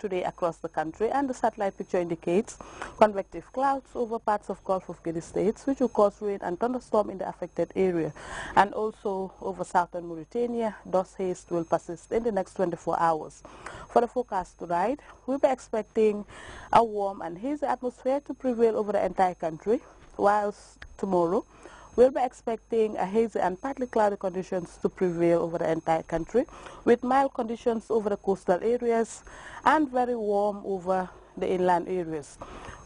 today across the country and the satellite picture indicates convective clouds over parts of Gulf of Guinea states which will cause rain and thunderstorm in the affected area and also over southern Mauritania dust haze will persist in the next 24 hours. For the forecast tonight we'll be expecting a warm and hazy atmosphere to prevail over the entire country whilst tomorrow We'll be expecting a hazy and partly cloudy conditions to prevail over the entire country, with mild conditions over the coastal areas and very warm over the inland areas.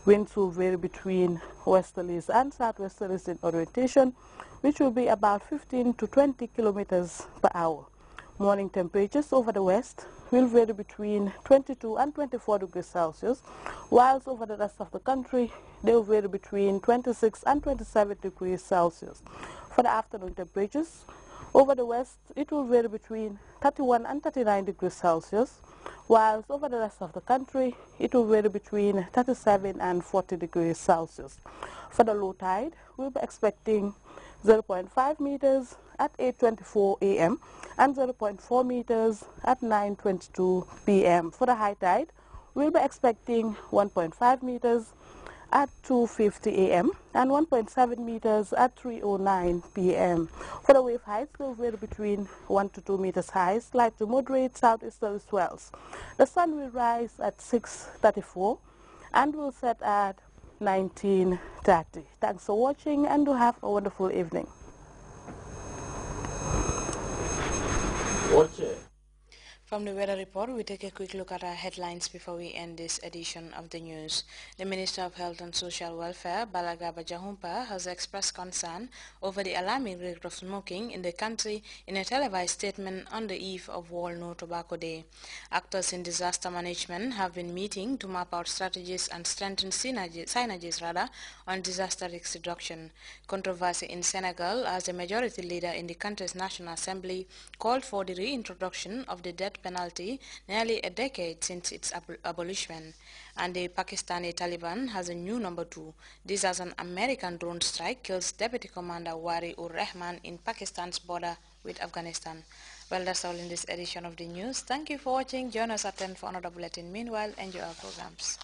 Winds will vary between westerlies and southwesterlies in orientation, which will be about 15 to 20 kilometers per hour. Morning temperatures over the west will vary between 22 and 24 degrees Celsius, whilst over the rest of the country they will vary between 26 and 27 degrees Celsius. For the afternoon temperatures, over the west it will vary between 31 and 39 degrees Celsius, whilst over the rest of the country it will vary between 37 and 40 degrees Celsius. For the low tide, we'll be expecting 0.5 meters at 8.24 a.m. and 0.4 meters at 9.22 p.m. For the high tide, we'll be expecting 1.5 meters at 2.50 a.m. and 1.7 meters at 3.09 p.m. For the wave heights, they'll vary between 1 to 2 meters high, slight to moderate southeasterly swells. The sun will rise at 6.34 and will set at 1930. Thanks for watching and do have a wonderful evening. Watch it. From the weather report, we take a quick look at our headlines before we end this edition of the news. The Minister of Health and Social Welfare, Balagaba Jahumpa, has expressed concern over the alarming rate of smoking in the country in a televised statement on the eve of World No Tobacco Day. Actors in disaster management have been meeting to map out strategies and strengthen synergies, synergies rather, on disaster risk reduction. Controversy in Senegal as the majority leader in the country's National Assembly called for the reintroduction of the death death penalty nearly a decade since its ab abolition, and the Pakistani Taliban has a new number two. This as an American drone strike kills Deputy Commander Wari ur-Rahman in Pakistan's border with Afghanistan. Well, that's all in this edition of the news. Thank you for watching. Join us at 10 for another bulletin. Meanwhile, enjoy our programs.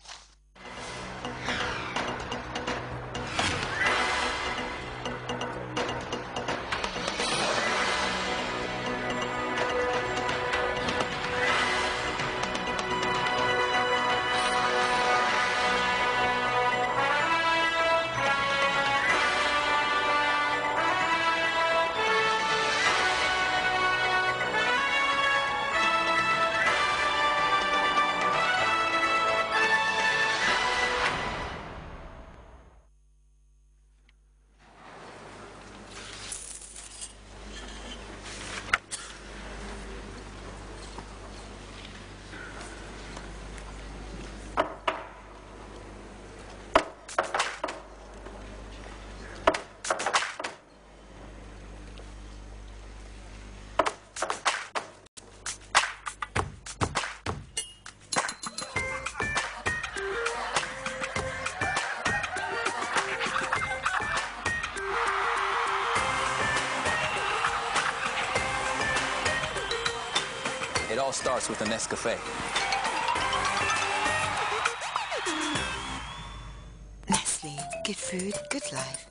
starts with an Nescafe. Nestle, good food, good life.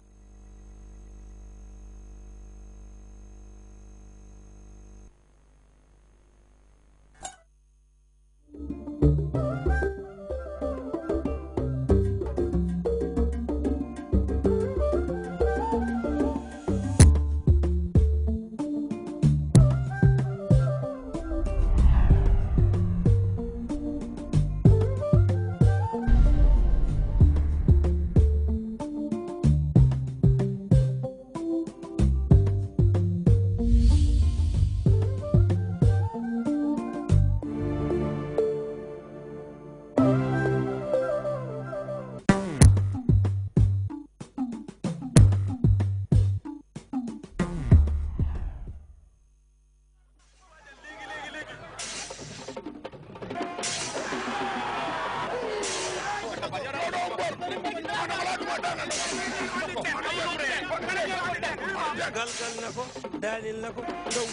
galgal na ko daalil na ko gaw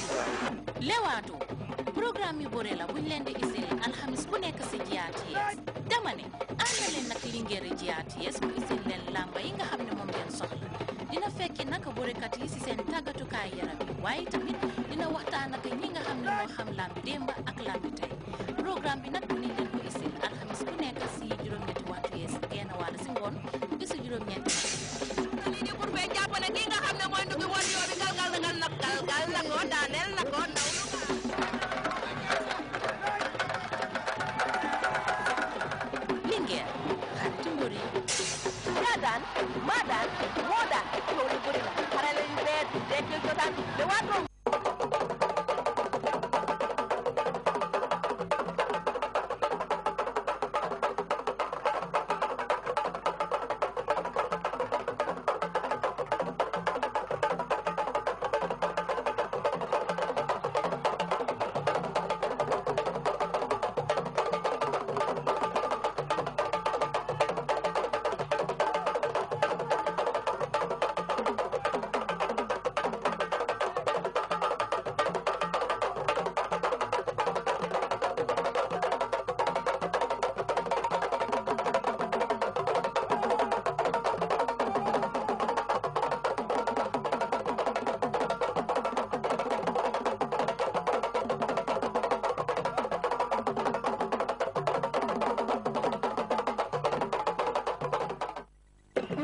lewaatu programme yu bëre la buñ leen di isili alxamis bu nekk si GRTS dama ne ànd leen nag lingeeri GRTS mu isil leen làmba yi nga xam ne moom ngeen soxla dina fekki naka bërekat yi si seen tàggatukaay yaram yi waaye tamit dina waxtaan ak ñi nga xam ne moo xam làmb démb Eu aprovo.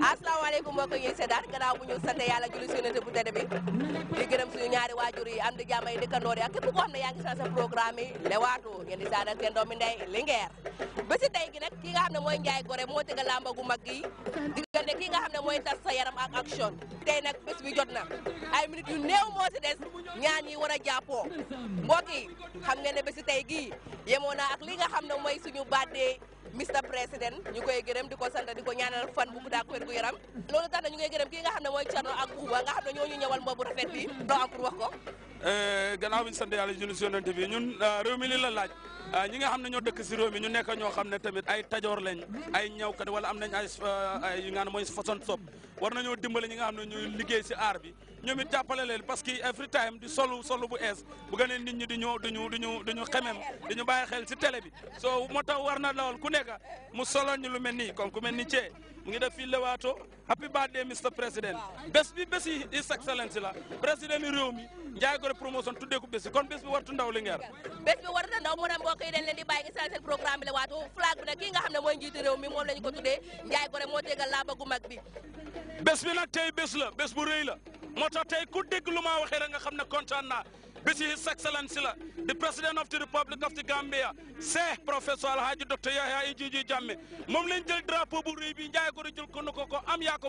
asalaamaaleykum mbokk yi ñuy seetaan gannaaw bu ñu sant yàlla julli si yonente bu tedd bi di gërëm suñu ñaari waajur am di jàmm yi dëkkandoor yi ak képp xam ne yaa ngi saan sa programme yi lewaatu ngeen di saan ak seen doomi ndey Linguère ba si tey gi nag ki nga xam ne mooy Njaay moo gu mag gi diggante ki ne mooy tas sa yaram ak action tey nag bés bi jot na ay minutes yu néew moo si des ñaan yi war a jàppoo mbokk xam ngeen ne bési tey gii yemoo na ak li nga xam ne mooy suñu bàddee Mr President ñu koy gërëm di ko sant di ko ñaanal fan bu gudd ak wér gu yaram loolu tax na ñu koy gërëm nga xam ne mooy Thierno ak Bouba nga xam ne ñoo ñu ñëwal mboobu rafet bi doo am pour ko Eh, gannaaw bi ñu sant yàlla julli si yonent bi ñun eh, réew mi li la laaj eh, ñi nga xam ne ñoo dëkk si réew mi ñu nekk ñoo xam ne tamit ay tajoor lañ ay ñawkat wala am nañ ay ay yi nga xam ne mooy façon sob war nañoo dimbale ñi nga xam ne ñuy liggéey si aar bi ñoom it jàppale parce que every time di solu solu bu ees bu gënee nit ñi di ñu di ñu di ñu di ñu xemem di ñu bàyyi xel si télé bi soo moo tax war na lool ku nekk mu soloon ñu lu mel nii comme ku mel ni Thié mu ngi def fii Leewtoo happy birthday Mr President bés bi bési His Excellency la président yi réew Gore promotion tuddee ko bési kon bés bi wartu ndaw li ngeer bés bi wartu ndaw mu ne mbokk yi dañ programme bi Leewtoo flag bi kii nga xam ne mooy njiitu réew mi moom la ñu ko tuddee Ndiaye Gore moo tegal laaba gu mag bi bés bi tey bés la bés bu la moo tax tey ku dégg lu ma waxee nga xam na kontaan naa This is His Excellency, the President of the Republic of the Gambia, Sheikh Professor Alhaji Dr. Yahya Ejiji Jammeh moom lañ jël drapeau bu rëy bi njaay ko jël ko nu ko ko am yaa ko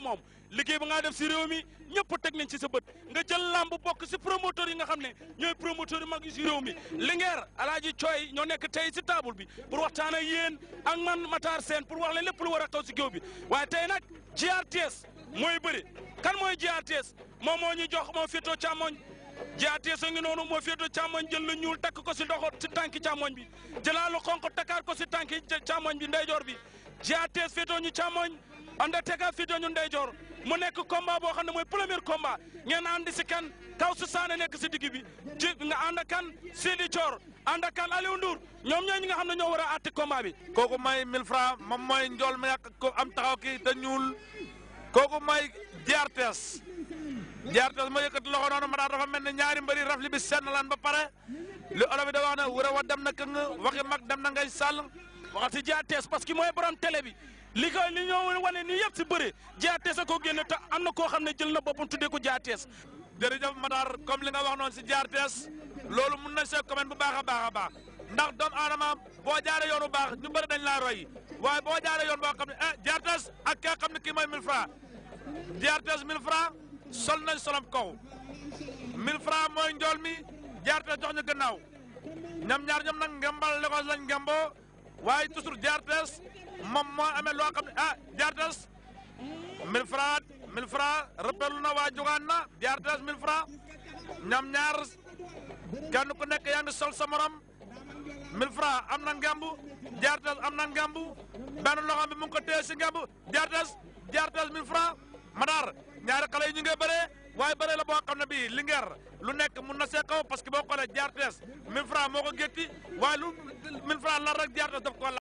liggéey ba nga def si réew mi ñëpp teg nañ ci sa bët nga jël lamb bokk si promoteur yi nga xam ne ñooy promoteur yu mag yi si réew mi Linguère Alhaji Coy ñoo nekk tey si table bi pour waxtaan taan yéen a man Matar seen pour wax leen lépp lu war a si géew bi waaye tey nag GRTS mooy bëri kan mooy GRTS moom moo ñu jox moo féetoo càmmoñ jaatee sa ngi noonu moo féetoo càmmoñ jël la ñuul takk ko si doxo si tànki càmmoñ bi jëlaa lu xonq takkaat ko si tànki càmmoñ bi ndeyjoor bi jaatee féetoo ñu càmmoñ Undertaker féetoo ñu ndeyjoor mu nekk combat boo xam ne mooy premier combat ngeen ànd si kan kaw su saane nekk si digg bi ji nga ànd kan Sidi coor ànd kan Aliou Ndour ñoom ñooy ñi nga xam ne ñoo war a àtte combat bi. kooku may 1000 francs moom mooy njool ma yàq ko am taxaw kii te ñuul kooku may jaartees. jaartas ma yëkkati loxo noonu ma daal dafa mel ne ñaari mbëri rafli bi senn laan ba pare li olof da wax ne wura wa dem na këng waxi mag dem na ngay sàll waxal si jaatees parce que mooy borom télé bi li ko li ñoo wane ni yëpp si bëri jaatees a ko génne te am na koo xam ne jël na boppam tuddee ko jaatees jërëjëf Matar kom li nga wax noonu si jaartees loolu mun na see commune bu baax a baax a baax ndax doomu aadama boo yoon yoonu baax ñu bëri dañ laa roy waaye boo jaaree yoon boo xam ne ah jaartees ak kii nga xam ne kii mooy 1000F jaartees sol nañ solom kaw 1000 francs mooy njool mi jaarteel jox ñu gannaaw ñoom ñaar ñoom nag ngembal Lagos lañ ngemboo waaye toujours jaartees moom moo amee loo xam ne ah jaartees 1000 francs 1000 francs rëbbalu na waa jogaan na jaartees 1000 francs ñoom ñaar kenn ku nekk yaa sol sa morom 1000 am na ngemb jaartees am na ngemb benn loxo bi mu ngi ko téye si ngemb jaartees jaartees 1000 francs ñaare xale yi ñu ngi bëree waaye bëree la boo xam ne bii Linguère lu nekk mun na see kaw parce que boo xoolee jaar tees 1000 moo ko gétti waaye lu 1000 francs lar rek jaar daf ko